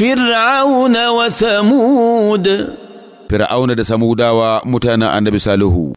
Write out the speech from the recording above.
فرعون وثمود فرعون ده سمودا ومتانا النبي صالحو